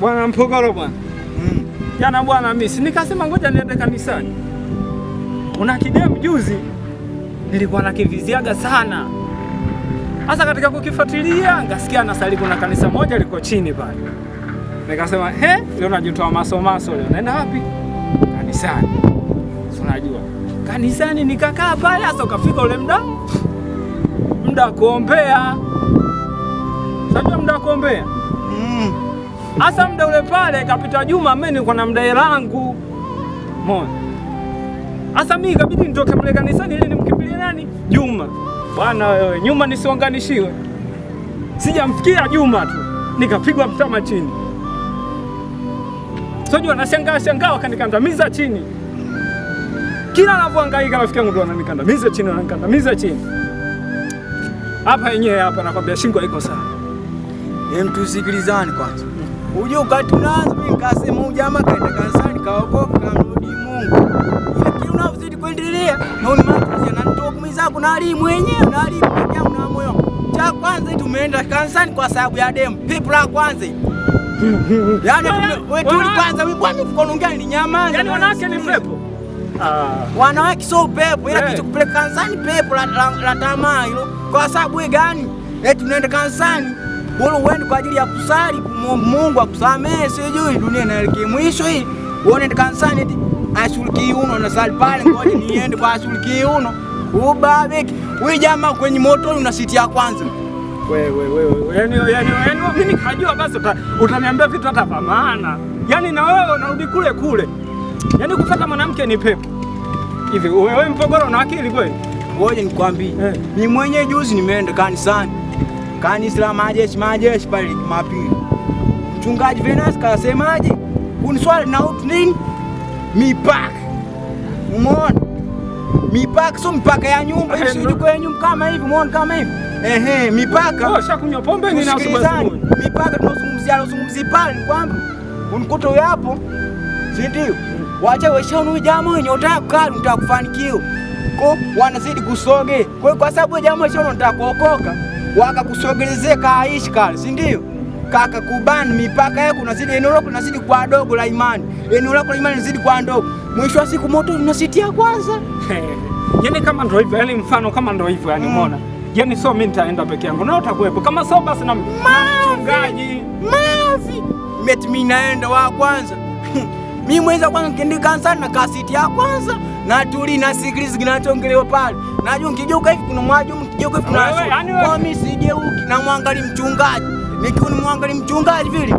Bwana Mpogoro bwana, mm. jana mm. bwana misi nikasema ngoja niende kanisani. una kidemu juzi nilikuwa nakiviziaga sana, hasa katika kukifuatilia ngasikia nasali, kuna kanisa moja liko chini pale, nikasema he, leo najitoa masomaso, leo naenda wapi? Kanisani. Unajua kanisani nikakaa pale, hasa ukafika ule mda mda kuombea, unajua mda kuombea hasa muda ule pale kapita Juma, mimi nilikuwa na mdai langu mona. Hasa mimi ikabidi nitoke mle kanisani ili nimkimbilie nani Juma. Bwana wewe, nyuma nisiunganishiwe, sijamfikia Juma tu nikapigwa mtama chini, sijui anashangaa shangaa, wakanikandamiza chini. Kila anavyohangaika rafiki yangu ndo ananikandamiza chini, ananikandamiza chini hapa yenyewe hapa, nakwambia shingo haiko sawa. Mtusikilizani kwanza. Uje ukati unaanza, mimi kaenda kanisani kaokoka kamrudi Mungu. Lakini unazidi kuendelea na unamalizia na nitoa kumi na moyo. Cha kwanza tumeenda kanisani kwa sababu ya demu. Pipu la kwanza. Yaani wewe tu kwanza wewe kwani ni nyamaza. Yaani wanawake ni pepo. Ah. Wanawake sio pepo ila eh. kitu kupeleka kanisani pepo la, la, la tamaa hilo. Kwa sababu gani? Eti eh, unaenda kanisani wewe uende kwa ajili ya kusali Mungu akusamee. sijui dunia inaelekea mwisho hii. Uone kanisani eti ashuliki uno na sali pale, ngoja niende kwa ashuliki uno. Ubabeki. Wewe jamaa kwenye moto una siti ya kwanza. Wewe wewe, yani yani yani mimi nikajua basi utaniambia vitu hata vya maana. Yaani na wewe unarudi kule kule. Yaani kufata mwanamke ni pepo. Hivi wewe Mpogoro una akili kweli? Ngoja nikwambie. Eh. Ni mwenye juzi nimeenda kanisani kanisa la majeshi majeshi pale Jumapili. Mchungaji Venus kasemaje? kuni swali na utu nini? Mipaka. Umeona? Mipaka sio mipaka ya nyumba, hiyo eh, sio kwa nyumba kama hivi, umeona kama hivi? Ehe, mipaka. Oh, shakunywa pombe ni na Mipaka tunazungumzia, tunazungumzia pale kwamba unikuta wewe hapo. Si ndio? Wacha weshaona huyu jamu wenye utaka kukaa, unataka Kwa wanazidi kusoge. Kwa kwa sababu jamu weshaona unataka kuokoka waka wakakusogelezea kaaishkali, si ndio? Kaka kubani mipaka yako, nazidi eneo lako linazidi kwa dogo la imani, eneo lako la imani nazidi kwa ndogo, mwisho wa siku moto unasitia kwanza. Yani kama ndio hivyo, yani mfano kama ndio hivyo, yani mm. umeona mm. Yani so mimi nitaenda peke yangu na utakuwepo kama so basi na mchungaji mavi mimi naenda wa kwanza mimi mweza kwanza kendi kansa na kasiti ya kwanza natuli nasikiliza kinachongelewa pale. Najua mkigeuka hivi kuna mwaju, mkigeuka hivi kuna asu. Kwa mimi sijeuki na mwangali mchungaji. Nikiwa ni mwangali mchungaji vile.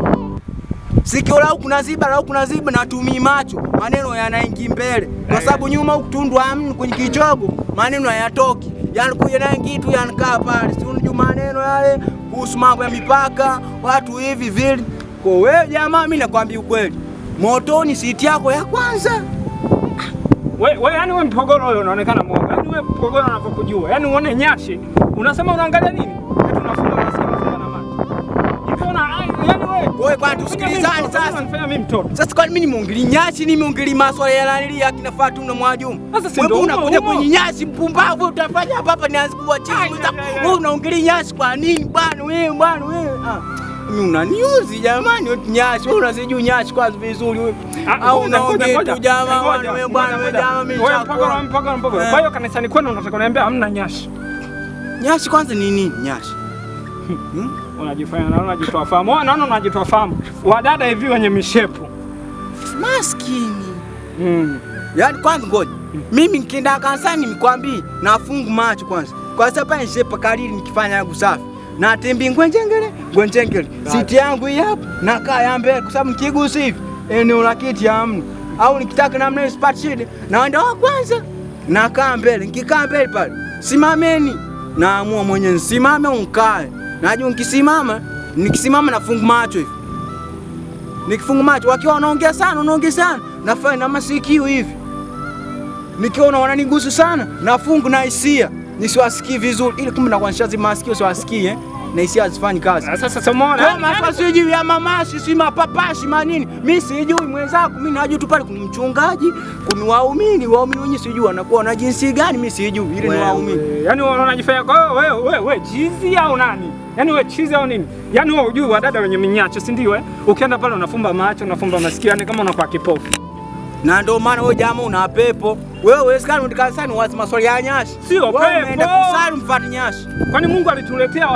Sikio lao kuna ziba lao kuna ziba natumii macho. Maneno yanaingia mbele. Kwa eh. sababu nyuma huku tundu amni kwenye kichogo, maneno hayatoki. Yaani kuja naye kitu yanakaa pale. Si unajua maneno yale kuhusu mambo ya mipaka, watu hivi vile. Kwa wewe jamaa mimi nakwambia ukweli. Motoni siti yako ya kwanza. We, yani we mpogoro wewe unaonekana mwoga. Yaani we mpogoro anapokujua. Yaani uone nyashi, unasema unaangalia nini? Tunafunga unafunga na macho. Nikiona ai, yani we. Wewe kwani tusikilizane sasa. Unanifanya mimi mtoto. Sasa kwani mimi mungili nyashi, nimeongeli maswala ya nani ya kina Fatu na Mwajumu. Sasa si ndio unakuja kunyinyasi mpumbavu utafanya hapa hapa nianze kuwa chini. Wewe unaongeli nyashi kwa nini bwana wewe bwana wewe? Ah unaniuzi jamani, nyashi wewe unasijui nyashi kwanza vizuri wewe. Ah, Au unaongea tu wewe bwana wewe mimi chakula. Mpaka mpaka. Kwa hiyo eh. kanisani kwenu unataka kuniambia hamna nyashi? Nyashi kwanza ni nini nyashi? Hmm? Hmm? Unajifanya unajitoa fahamu. Wewe naona unajitoa fahamu. Wadada hivi wenye mishepo. Maskini. Mm. Yaani kwanza ngoja. Hmm. Mimi nikienda kanisani nafungu macho kwanza. Kwa sababu nishepa kalili nikifanya yangu safi. Na tembi ngwenjengele Gwenchenkeli, siti yangu hii hapa, na kaa ya mbele, kwa sababu nikigusa hivi eneo eh, la kiti hamna, au nikitaka namna hii isipate shida, naenda wa kwanza, Na kaa mbele. Nikikaa mbele pale, simameni, naamua mwenye nisimame au nikae. Najua nikisimama, nikisimama nafunga macho hivi, nikifunga macho, wakiwa wanaongea sana, wanaongea sana, nafanya na masikio hivi, nikiona wananigusa sana, nafunga na hisia nisiwasikii vizuri, ili kumbe na nakuwa nishazimasikio siwasikii eh na hisia hazifanyi kazi. Sasa sasa mama sijui ya mama si mapapashi manini, mimi sijui mwenzangu, mimi najua tu pale kuna mchungaji, kuna waumini, waumini wenyewe sijui wanakuwa na jinsi gani, mimi sijui ile ni waumini. Yaani wanajifanya kwa wewe wewe wewe jizi au nani? Yaani wewe chizi au nini? Yaani wewe unajua wadada wenye minyacho si ndio eh? Ukienda pale unafumba macho, unafumba masikio, yani kama unakuwa kipofu. Na ndio maana wewe jamaa una pepo. Wewe uwezekana ndikanisani wazi maswali ya nyashi. Sio pepo. Umeenda kusali mfani nyashi. Kwani Mungu alituletea